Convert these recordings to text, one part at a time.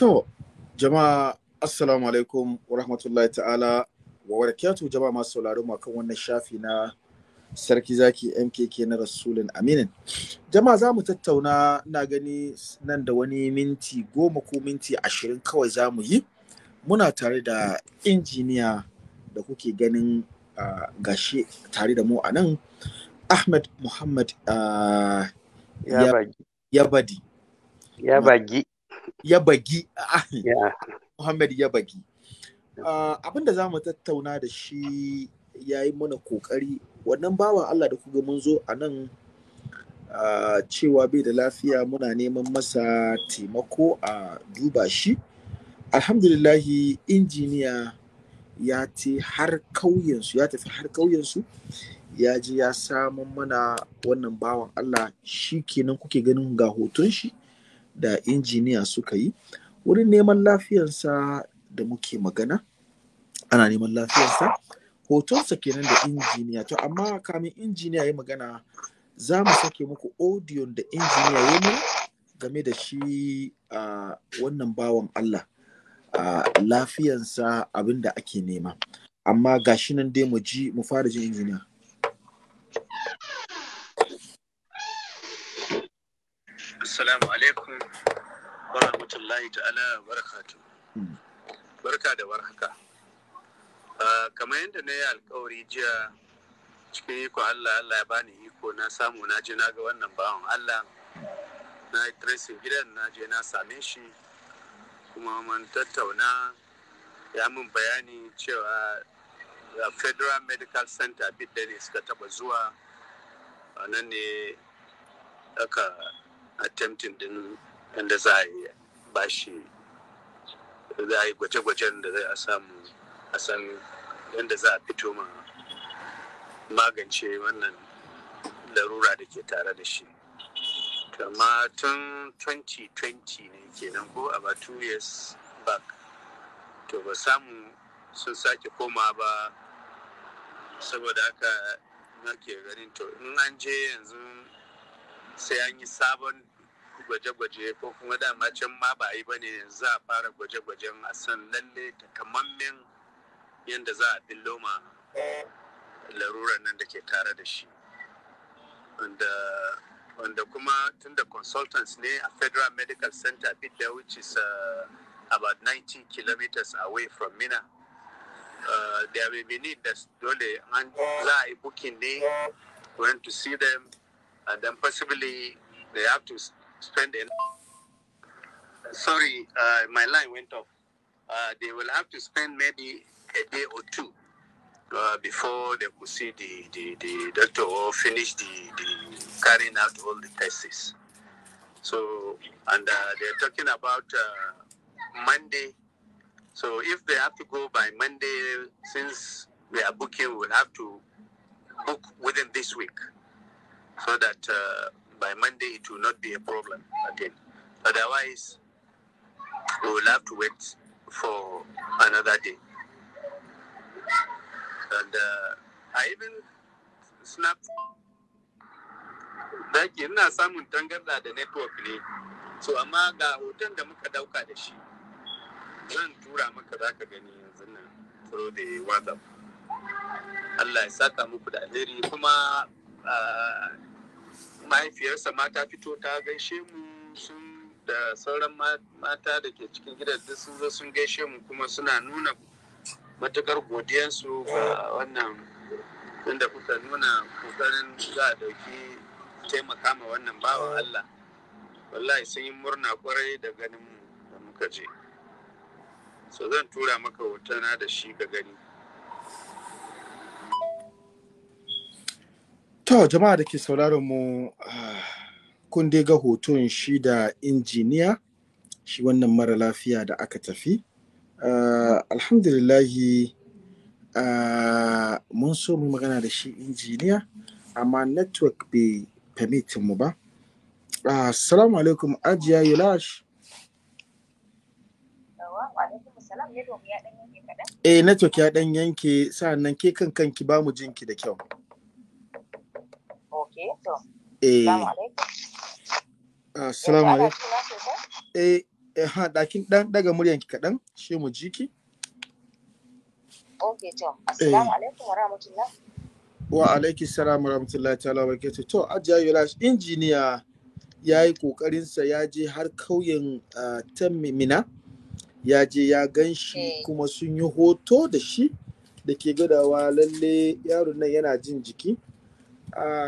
To, jama'a assalamu alaikum wa rahmatullahi ta'ala wa barakatuh jama'a masu sauraro mu kan wannan shafi na Sarki Zaki MKK na Rasulun Aminin. Jama'a za mu tattauna na gani nan da wani minti goma ko minti ashirin kawai za mu yi. Muna tare da injiniya da kuke ganin uh, gashi tare da mu a nan Ahmed Muhammad uh, Yabadi. Yabadi. Yabagi. ya bagi Muhammad ya bagi ah, abin da za mu tattauna da shi ya yi mana kokari wannan bawan Allah da kuga mun zo a nan ah, cewa bai da lafiya muna neman masa taimako a duba shi alhamdulillahi injiniya ya ce har kauyensu ya tafi har kauyensu ya ji ya samun mana wannan bawan Allah shi kenan kuke ganin ga hoton shi da injiniya suka yi wurin neman lafiyarsa da muke magana ana neman lafiyarsa hotonsa kenan da injiniya to amma kamin injiniya ya magana za mu sake muku odiyon da injiniya ya yi? game da shi a wannan bawan Allah lafiyarsa lafiyansa abinda ake nema amma gashi nan dai mu ji mu fara jin injiniya rahmatullahi ta'ala barakatu. Hmm. Barka da warhaka. Ah, kamar yadda na yi alkawari jiya cikin iko Allah Allah ya bani iko na samu na je na ga wannan bawan Allah na yi tracing gidan na je na same shi kuma mun tattauna ya min bayani cewa federal medical center bid ne suka taba zuwa nan ne aka attempting din yadda za a yi ba shi za a yi gwaje-gwajen da zai a samu a san yadda za a fito ma magance wannan larura da ke tare da shi kama tun 2020 ne kenan ko about two years back to ba samu sun sake koma ba saboda haka na ke ganin to in an je yanzu sai an yi sabon gwaje-gwaje ko kuma dama can ma ba yi bane a fara gwaje-gwajen a san lalle takamammen yadda za a billo ma nan da ke tare da shi wanda kuma tun da consultants ne a federal medical center bidda which is uh, about 90 kilometers away from mina uh, there will be need da dole an za a yi booking ne to see them and then possibly they have to spend sorry, uh, my line went off. Uh, they will have to spend maybe a day or two uh, before they could see the, the, the doctor or finish the, the carrying out all the tests. So, and uh, they're talking about uh, Monday. So, if they have to go by Monday, since we are booking, we'll have to book within this week so that uh, by Monday it will not be a problem again. Otherwise, we will have to wait for another day. And uh, I even snapped. Daki ina samun tangarda da network ne, so amma ga hoton da muka dauka da shi zan tura maka za ka gani nan through the WhatsApp. Allah ya saka muku da alheri kuma uh, mahaifiyarsa ma ta fito ta gaishe mu sun da sauran mata da ke cikin gidan duk sun zo sun gaishe mu kuma suna nuna matukar godiyansu ga wannan inda kuka nuna kokarin za a dauki taimaka ma wannan bawa Allah wallahi sun yi murna kwarai da ganin mu da muka je so zan tura maka hotona da shi ka gani To jama'a da ke sauraron mu ah, kun dai ga hoton shi da injiniya shi wannan mara lafiya da aka tafi. Uh, alhamdulillahi uh, mun so mu magana da shi injiniya amma network bai permit mu ba. Uh, Assalamu alaikum Ajiya Yulash. Eh network ya ɗan yanke sa'annan ke kan kanki ba mu jinki da kyau. Eh. Assalamu alaikum. Ah, eh, eh, eh, ha dakin dan daga muryanki kaɗan, shi mu ji ki. to. Eh. Assalamu alaikum wa rahmatullah. Wa alaiki salam wa rahmatullahi ta'ala To, Ajiya Yulash injiniya ya yi ƙoƙarinsa ya je har kauyen ah, ta Mina. Ya je ya gan shi kuma sun yi hoto da shi da ke gadawa lalle yaron nan yana jin jiki.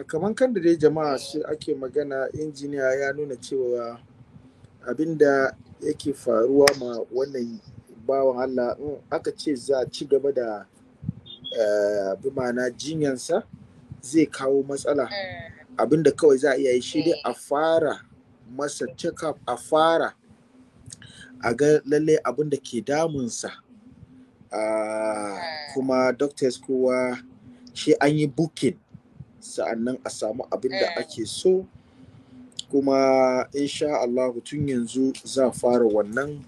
kamar kan da dai jama'a shi ake magana injiniya ya nuna cewa abin abinda yake faruwa ma wannan bawan Allah in aka ce za a ci gaba da eh, bi mana jinyansa zai kawo matsala mm. abin da kawai za a iya yi shi dai a mm. fara masa check-up a fara a ga lallai da ke damunsa ah, mm. kuma doctors kowa shi an yi booking sa'annan a samu abin da eh. ake so kuma insha Allah tun yanzu za fara wannan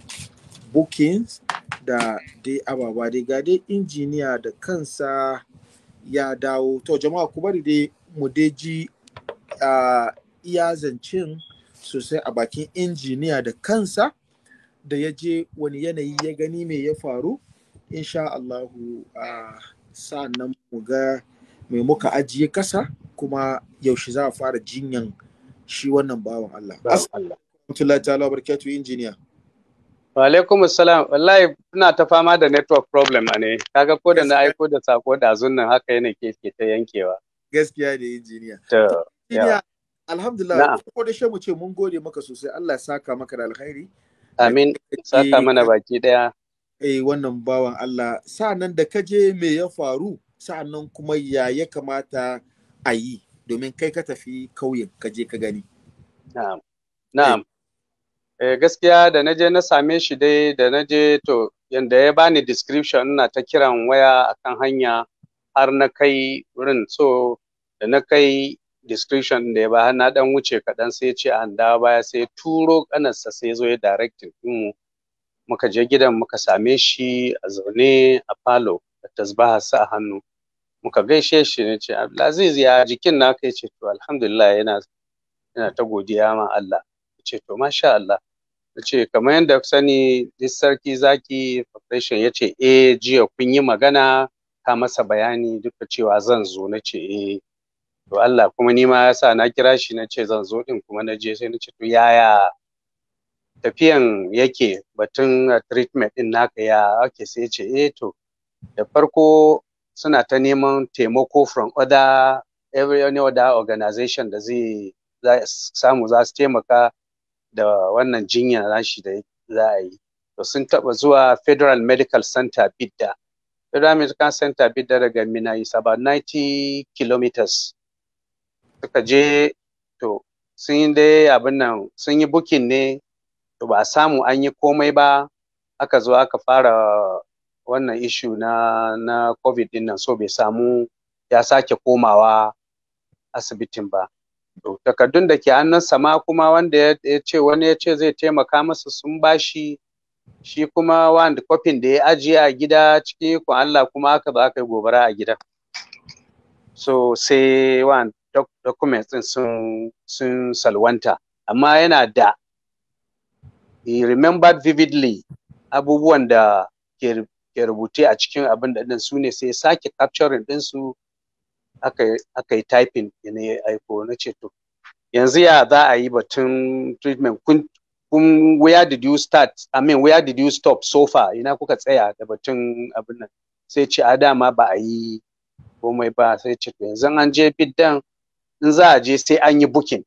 bookings da dai ababa dai ga dai injiniya da kansa ya dawo to jama'a ku bari dai mu dai ji iya zancen sosai a bakin injiniya da kansa da ya je wani yanayi ya gani mai ya faru insha Allahu uh, sa'annan mu ga mai muka ajiye kasa kuma yaushe za a fara jinyan shi wannan bawan Allah. Assalamu ta'ala barkatu injiniya. Wa alaikum assalam wallahi ina ta fama da network problem ne kaga ko da na aiko da sako da nan haka yana ke ke ta yankewa. Gaskiya ne injiniya. To. Injiniya alhamdulillah ko da mu ce mun gode maka sosai Allah saka maka da alkhairi. Amin saka mana baki daya. Eh wannan bawan Allah sa nan da kaje me ya faru? sa'annan kuma ya ya kamata a yi domin kai ka tafi kauyen ka je ka gani na'am eh, gaskiya da na je na same shi dai da na je to yanda ya bani description ina ta kiran waya akan hanya har na kai wurin so da na kai description da ya ba na dan wuce kaɗan sai ce a handa baya sai turo kanarsa sai zo ya directing mu muka je gidan muka same shi a zaune a falo da tasbaha sa a hannu muka gaishe shi ne ce Abdulaziz ya jikin na kai ce to alhamdulillah yana yana ta godiya ma Allah ce to masha Allah ce kamar yadda ku sani duk sarki zaki profession ya ce eh jiya kun yi magana ka masa bayani duka cewa zan zo na ce eh to Allah kuma ni ma yasa na kira shi na ce zan zo din kuma na je sai na ce to yaya tafiyan yake batun treatment din naka ya ake sai ce eh to da farko suna ta neman taimako from other every any other organization da zai samu za su taimaka da wannan jinya nashi da za a yi to sun taba zuwa federal medical center bidda federal medical center bidda daga mina is about 90 kilometers suka je to sun yi dai abin nan sun yi bukin ne to ba samu an yi komai ba aka zo aka fara wannan ishu na na covid din nan so bai samu ya sake komawa asibitin ba to takardun da ke sa ma kuma wanda ya ce wani ya ce zai taimaka masa sun bashi shi kuma wanda kofin da ya ajiye a gida cikin ku Allah kuma aka ba aka gobara a gida so sai wan documents din sun sun salwanta amma yana da he remembered vividly abubuwan da ke ke rubuce a cikin abin da ɗin su ne sai sake capturing su aka yi typing ne ya aiko na ce yanzu ya za a yi batun treatment kun kun where did you start i mean where did you stop so far ina kuka tsaya da batun abin nan sai ce a dama ba a yi komai ba sai ce yanzu an je biddan in za a je sai an yi booking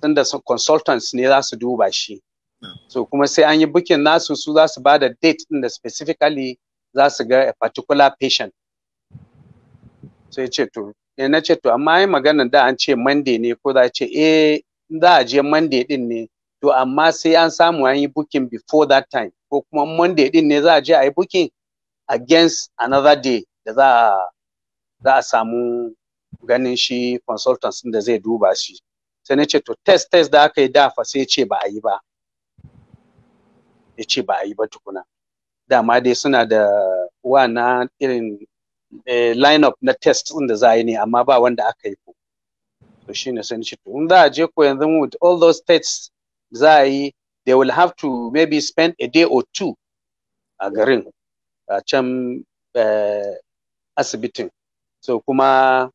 tunda consultants ne za su duba shi so kuma sai an yi bukin nasu su za su ba da date din da specifically za su ga a particular patient sai ce to ya na ce to amma yi magana da an ce monday ne ko za ce eh za a je monday din ne to amma sai an samu an yi bukin before that time ko kuma monday din ne za a je a yi bukin against another day da za a za a samu ganin shi consultants da zai duba shi sai na ce to test test da aka yi dafa sai ce ba a yi ba ya ce ba a yi ba tukuna dama dai suna da wa na irin eh, line up na test da za a yi ne amma ba wanda aka yi ko to ne sai ce to in za a je ko yanzu with all those tests za a yi they will have to maybe spend a day or two a garin a can eh, asibitin so kuma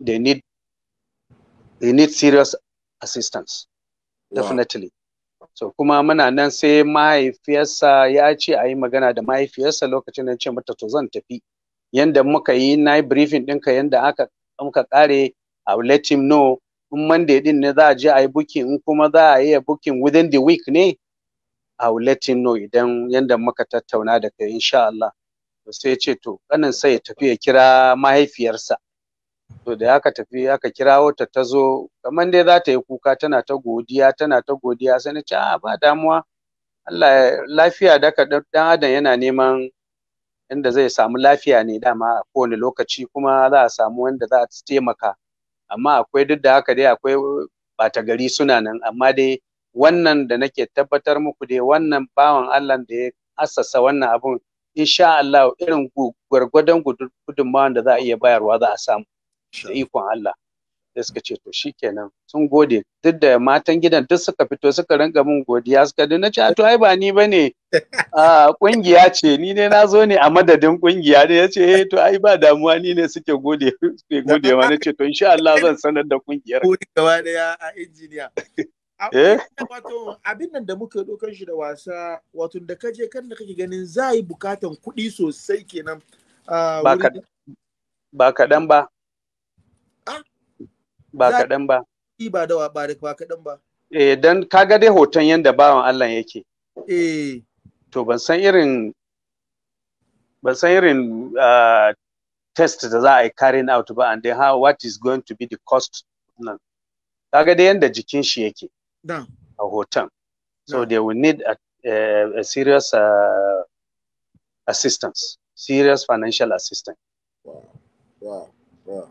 they need they need serious assistance definitely so kuma muna nan sai mahaifiyarsa ya ce a yi magana da mahaifiyarsa lokacin da ce mata to zan tafi yanda muka yi na yi briefing ɗinka yanda aka muka kare a let him know in monday din ne za a je a yi booking in kuma za a yi booking within the week ne a let him know idan yanda muka tattauna da kai insha Allah sai sai ce to kanin sai ya tafi ya kira mahaifiyarsa to da aka tafi aka kirawo ta ta zo kamar dai za ta yi kuka tana ta godiya tana ta godiya sai na ce a ah, ba damuwa Allah lafiya da ka dan adam yana neman inda zai samu lafiya ne dama a kowane lokaci kuma za a samu wanda za a taimaka amma akwai duk da haka dai akwai bata gari suna nan amma dai wannan da nake tabbatar muku dai wannan bawan Allah da ya assasa wannan abun insha Allah irin gwargwadon gudunmawan da za a iya bayarwa za a samu da ikon Allah da suka ce to shikenan sun gode duk da matan gidan duk suka fito suka ringa min godiya suka na ce to ai ba ni bane a kungiya ce ni ne na zo ne a madadin kungiya ne yace eh to ai ba damuwa ni ne suke gode suke gode ma nace to insha Allah zan sanar da kungiyar ko gaba ya a injiniya eh? wato abin nan da muka dokar shi da wasa wato da kaje kan da kake ganin zai bukatan kuɗi sosai kenan ba kaɗan ba ba kaɗan ba ba da ba kaɗan ba eh dan kaga dai hoton yanda bawan Allah yake eh to ban san irin ban san irin ah, test da za a yi carrying out ba and then how what is going to be the cost nan kaga dai yanda jikin shi yake a hoton so they will need a, uh, a serious uh, assistance serious financial assistance wow wow wow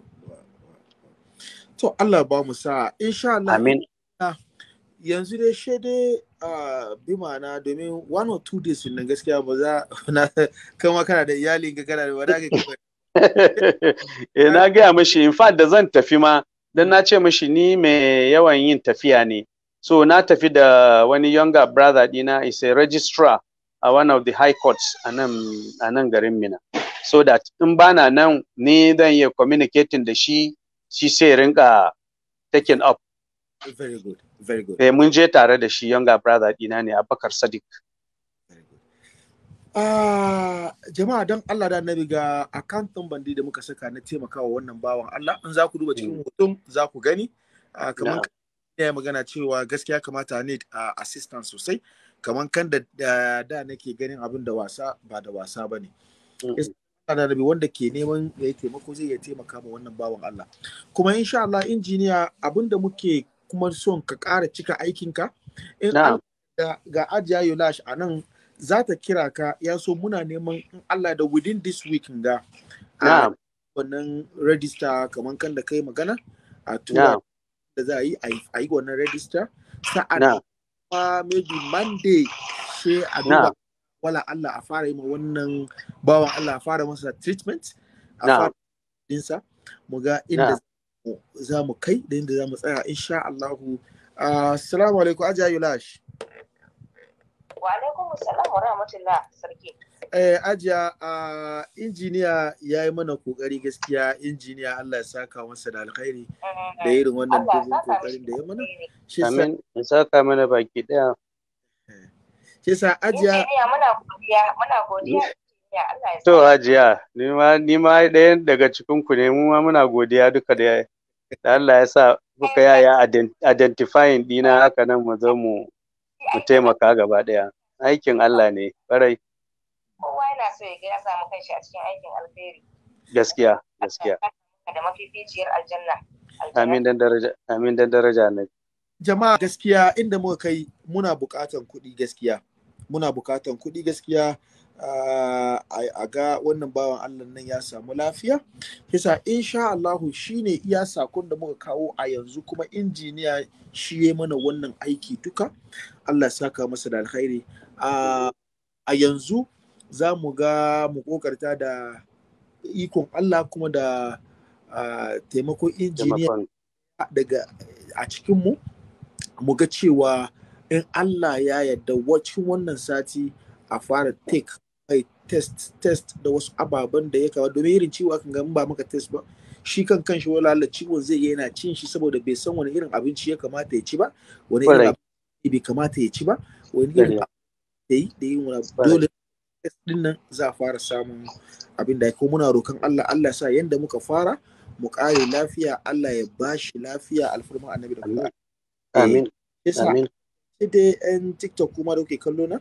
To Allah ba mu sa insha Allah. Amin. Yanzu dai shede a bi ma'ana domin one or two days nan gaskiya ba za na kama kana da iyalin ka kana da wada ka Eh na gaya mashi in fact da zan tafi ma dan na ce mashi ni mai yawan yin tafiya ne. So na tafi da wani younger brother dina is a registrar a one of the high courts a nan garin Mina. So that in bana nan ni zan iya communicating da shi shi sai rinka taking up very good very good eh mun je tare da shi younger brother dina ne Abubakar Sadiq Uh, jama'a don Allah da annabi ga akantin bandi da muka saka na taimakawa wannan bawan Allah in za ku duba cikin mm. hoton za ku gani ah, kamar ne magana cewa gaskiya kamata ne a ah, assistant sosai kamar kan da da nake ganin abin da wasa ba da wasa ba ne mm. da wanda ke neman ya yi taimako zai iya taimaka ma wannan bawan Allah kuma insha Allah injiniya abinda muke kuma son ka ƙara cika aikinka in ga ajiya yulash a nan za ta kira ka ya so muna neman in Allah da within this week ga wannan register kamar kan da kai magana a tura da za a yi a yi wannan register sa'an kuma maybe monday sai a duba wala Allah a fara yi ma wannan bawan Allah a fara masa treatment a fara dinsa mu ga inda za mu kai da inda za mu tsaya insha Allah assalamu ah, alaikum ajayu lash wa alaikum assalam wa rahmatullah sarki eh ajiya uh, ah, injiniya ya yi mana kokari gaskiya injiniya Allah ya saka masa da alkhairi eh, da irin wannan dubin kokarin da ya mana shi saka mana baki daya Kisa ajiya. Eh, eh, muna godiya, muna godiya. To ajiya, ni ma ɗayan daga cikin ku ne, mu ma muna godiya duka da da Allah ya sa kuka yaya identifying dina haka nan mu zo mu mu taimaka gaba ɗaya. Aikin Allah ne, ƙwarai. Kowa yana so ya ga ya samu kanshi a cikin aikin alheri. Gaskiya, gaskiya. Da mafificiyar aljanna. Amin dan daraja, amin dan daraja Jama'a gaskiya inda muka kai muna buƙatan kuɗi gaskiya. muna bukatan kuɗi gaskiya ah, a ga wannan bawan Allah nan ya samu lafiya kisa insha Allahu ne iya sakon da muka kawo a yanzu kuma injiniya shi ya mana wannan aiki duka Allah saka masa da alkhairi ah, a yanzu za mu ga mu kokarta da ikon Allah kuma da ah, taimakon injiniya daga a cikinmu mu ga cewa in Allah ya yadda wacin wannan sati a fara take mai test test da wasu ababen da ya kawo domin irin ciwo akan ga ba maka test ba shi kan kan shi wala ciwon zai yana cin shi saboda bai san wani irin abinci ya kamata ya ci ba wani irin abinci bai kamata ya ci ba wani irin da yi da wani dole test din nan za a fara samun abin da ko muna rokan Allah Allah sa yanda muka fara mu kare lafiya Allah ya bashi lafiya alfarma annabi da Allah eh, amin amin sai dai yan tiktok kuma da kuke kallo na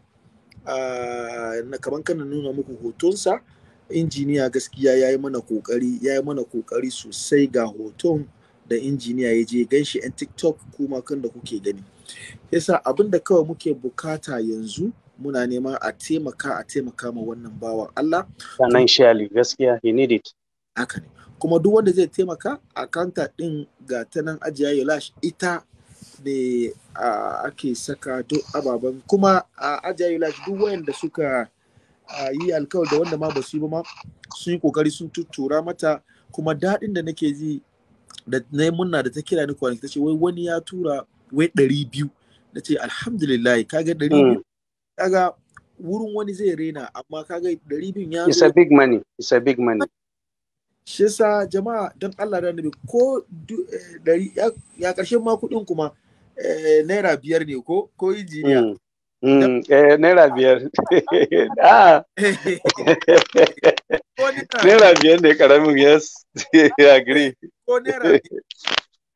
ah, na kaman kana nuna muku hotonsa injiniya gaskiya ya yi mana kokari ya mana kokari sosai ga hoton da injiniya ya je ganshi yan tiktok kuma kan da kuke gani yasa abin da kawai muke bukata yanzu muna neman a taimaka a taimaka ma wannan bawan Allah financially gaskiya he need it haka ne kuma duk wanda zai taimaka akanta din ga ta nan ajiya lash ita ne ake saka duk ababen kuma a ajayi lafi duk wayanda suka yi alkawar da wanda ma ba su yi ba ma su yi kokari sun tuttura mata kuma daɗin da nake ji da na yi munna da ta kira ni kwanaki ta ce wai wani ya tura wai ɗari biyu na ce alhamdulillah kaga ɗari biyu hmm. kaga wurin wani zai rena amma kaga ɗari biyu ya it's a big money it's a big money shi sa jama'a don Allah da nabi ko eh, ya ƙarshen ma kuɗin kuma Eh, naira biyar ne ko ko injiniya mm. Mm. Eh, naira biyar ah. naira biyar ne karamin yes agree ko naira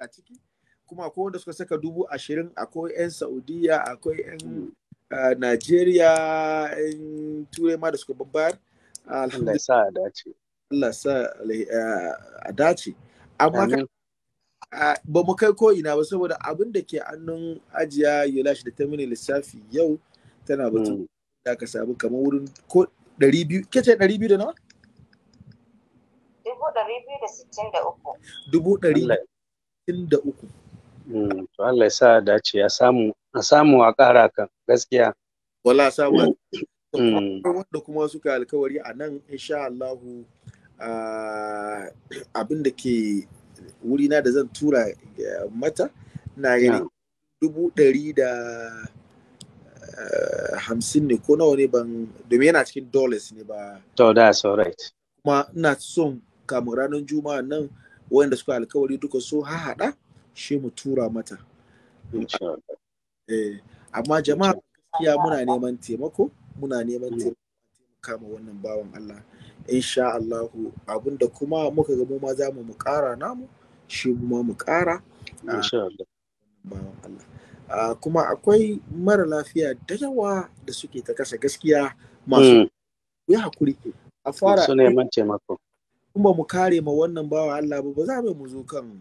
a ciki kuma akwai wanda suka saka dubu ashirin akwai 'yan saudiya akwai 'yan mm. ah, najeriya 'yan turai ma da suka babbayar Allah sa a dace Allah sa eh, a dace amma ba mu kai ko ina ba saboda abin da ke annun ajiya ya lashe da ta mini lissafi yau tana batu mm. da ka samu kamar wurin ko 200 kece 200 da nawa? 263 mm, to Allah ya sa dace ya samu a samu a ƙara kan gaskiya wala samu mm. wanda kuma suka alkawari a nan insha Allahu abin da ke wuri na da zan tura eh, mata na gani dubu ɗari da eh, hamsin ne ko nawa ne ban domin yana cikin dollars ne ba to that's all right kuma ina son kamun ranar juma'a nan wanda suka alkawari duka so haɗa shi mu tura mata eh, amma jama'a ya muna neman taimako muna neman mm. taimaka kama wannan bawan Allah insha Allah abinda kuma muka ga mu ma za mu mu ƙara namu shi kuma mu ƙara ah, Allah ah, kuma akwai mara lafiya da yawa da suke ta kasa gaskiya masu hmm. ya hakuri a fara kuma mu kare ma wannan bawan Allah ba ba za mu zo kan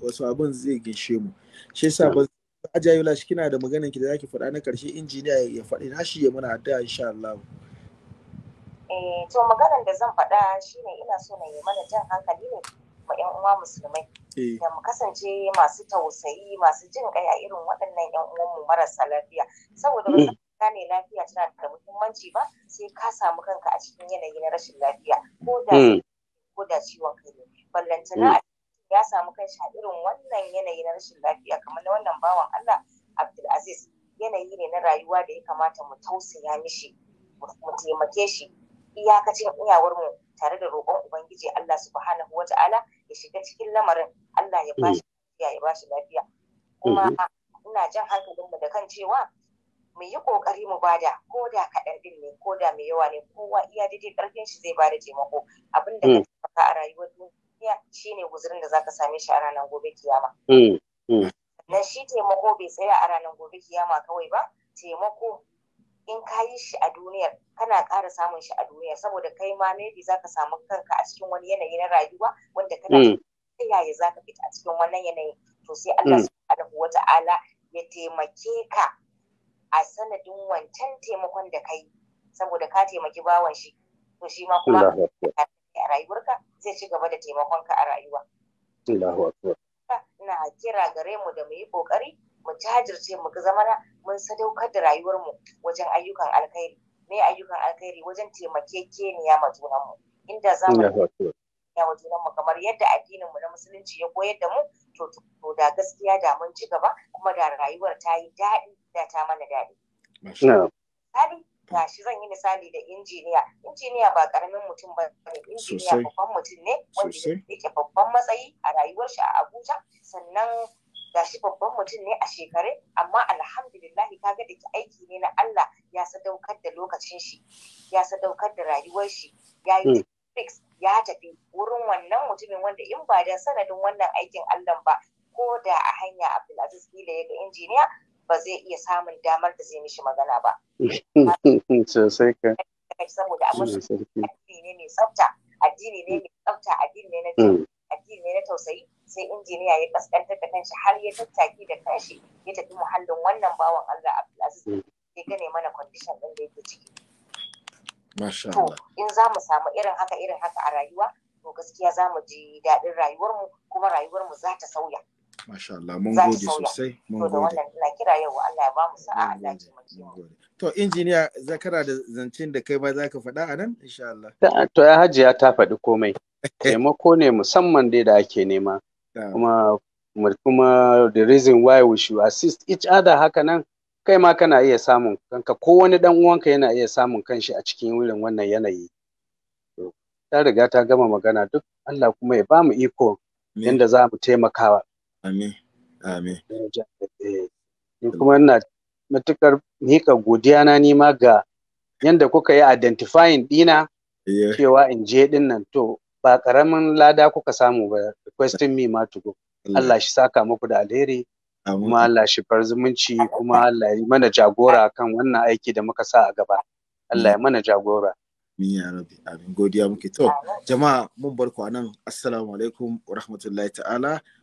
wasu abin zai gishe mu shi yasa hmm. ba ajayula shi kina da maganar ki da zaki faɗa na karshe injiniya ya faɗi na shi ya muna addu'a insha Allah eh to maganar da zan faɗa shine ina so na yi mana jan hankali ne fa yan uwa musulmai eh. da mu kasance masu tausayi masu jin kai a irin waɗannan yan uwan mu marasa lafiya saboda ba mm. gane lafiya tana da muhimmanci ba sai ka samu kanka a cikin yanayi na rashin lafiya ko da mm. ko da ciwon kai ne ballantana mm. ya samu shi a irin wannan yanayi na rashin lafiya kamar na wannan bawan Allah abdul aziz yanayi ne na rayuwa da ya kamata mu tausaya mishi mu taimake shi iyakacin iyawar mu tare da roƙon ubangiji Allah subhanahu wata'ala ya shiga cikin lamarin Allah ya bashi lafiya ya bashi lafiya kuma mm-hmm. ina jan hankalin mu da kan cewa mu yi kokari mu bada ko da kaɗan din ne ko da mai yawa ne kowa iya daidai karfin shi zai bada taimako abin da ka mm. taimaka a rayuwar duniya shine guzurin da zaka same shi a ranar gobe kiyama mm, mm. na shi taimako bai tsaya a ranar gobe kiyama kawai ba taimako in ka yi shi a duniyar kana ƙara samun shi a duniyar saboda kai ma maybe za ka samu kanka a cikin wani yanayi na rayuwa wanda kana mm. ta yaya za ka fita a cikin wannan yanayin to sai Allah mm. subhanahu wa ta'ala ya taimake ka a sanadin wancan taimakon da kai saboda ka taimaki bawan shi to shi ma kuma a rayuwarka zai ci gaba da taimakon ka a rayuwa. Allahu na kira gare mu da mu yi ƙoƙari mu jajirce mu zamana mun sadaukar da rayuwarmu wajen ayyukan alkhairi me ayyukan alkhairi wajen taimakekeniya ma junanmu inda za mu ya wa junanmu kamar yadda addininmu na musulunci ya koyar da mu to to da gaskiya da mun ci gaba kuma da rayuwar ta yi daɗi da ta mana daɗi. Misali gashi zan yi misali da injiniya injiniya ba karamin mutum ba injiniya babban mutum ne wanda yake babban matsayi a rayuwar shi a Abuja sannan gashi babban mutum ne a shekare amma alhamdulillah ga da aiki ne na Allah ya sadaukar da lokacin shi ya sadaukar da rayuwar shi ya yi hmm. fix ya tafi wurin wannan mutumin wanda in ba da sanadin wannan aikin Allah ba ko da a hanya Abdulaziz kila ya ga injiniya ba zai iya samun damar da zai mishi magana ba. Sosai ka. Saboda abin addini ne mai tsafta, addini ne mai tsafta, addini ne na hmm. addini ne na tausayi, sai injiniya ya kaskantar da kanshi har ya tattaki da kanshi ya tafi muhallin wannan bawan Allah Abdulaziz hmm. ya gane mana condition din da yake ciki to in za mu samu irin haka irin haka a rayuwa to gaskiya za mu ji daɗin rayuwarmu kuma rayuwarmu za ta sauya Masha Allah, mun gode sosai. Mun gode. ina kira yau Allah ya ba mu sa'a Allah ya To injiniya zakara da zancen da kai ba za ka faɗa a nan insha Allah. To ya hajiya ta faɗi komai. Taimako ne musamman dai da ake nema. kuma kuma the reason why we should assist each other haka nan kai ma kana iya samun kanka ko wani dan uwanka yana iya samun kanshi a cikin wurin wannan yanayi ta riga ta gama magana duk Allah kuma ya bamu iko yanda za mu taimakawa amin amin kuma ina matukar mika godiya na nima ga yanda kuka yi identifying dina cewa in je din nan to ba karamin lada kuka samu ba requesting me ma to go Allah shi saka muku da alheri kuma Allah shi far zumunci kuma Allah ya mana jagora kan wannan aiki da muka sa a gaba Allah ya mana jagora amin ya rabbi amin godiya muke to jama'a mun barku anan assalamu alaikum wa rahmatullahi ta'ala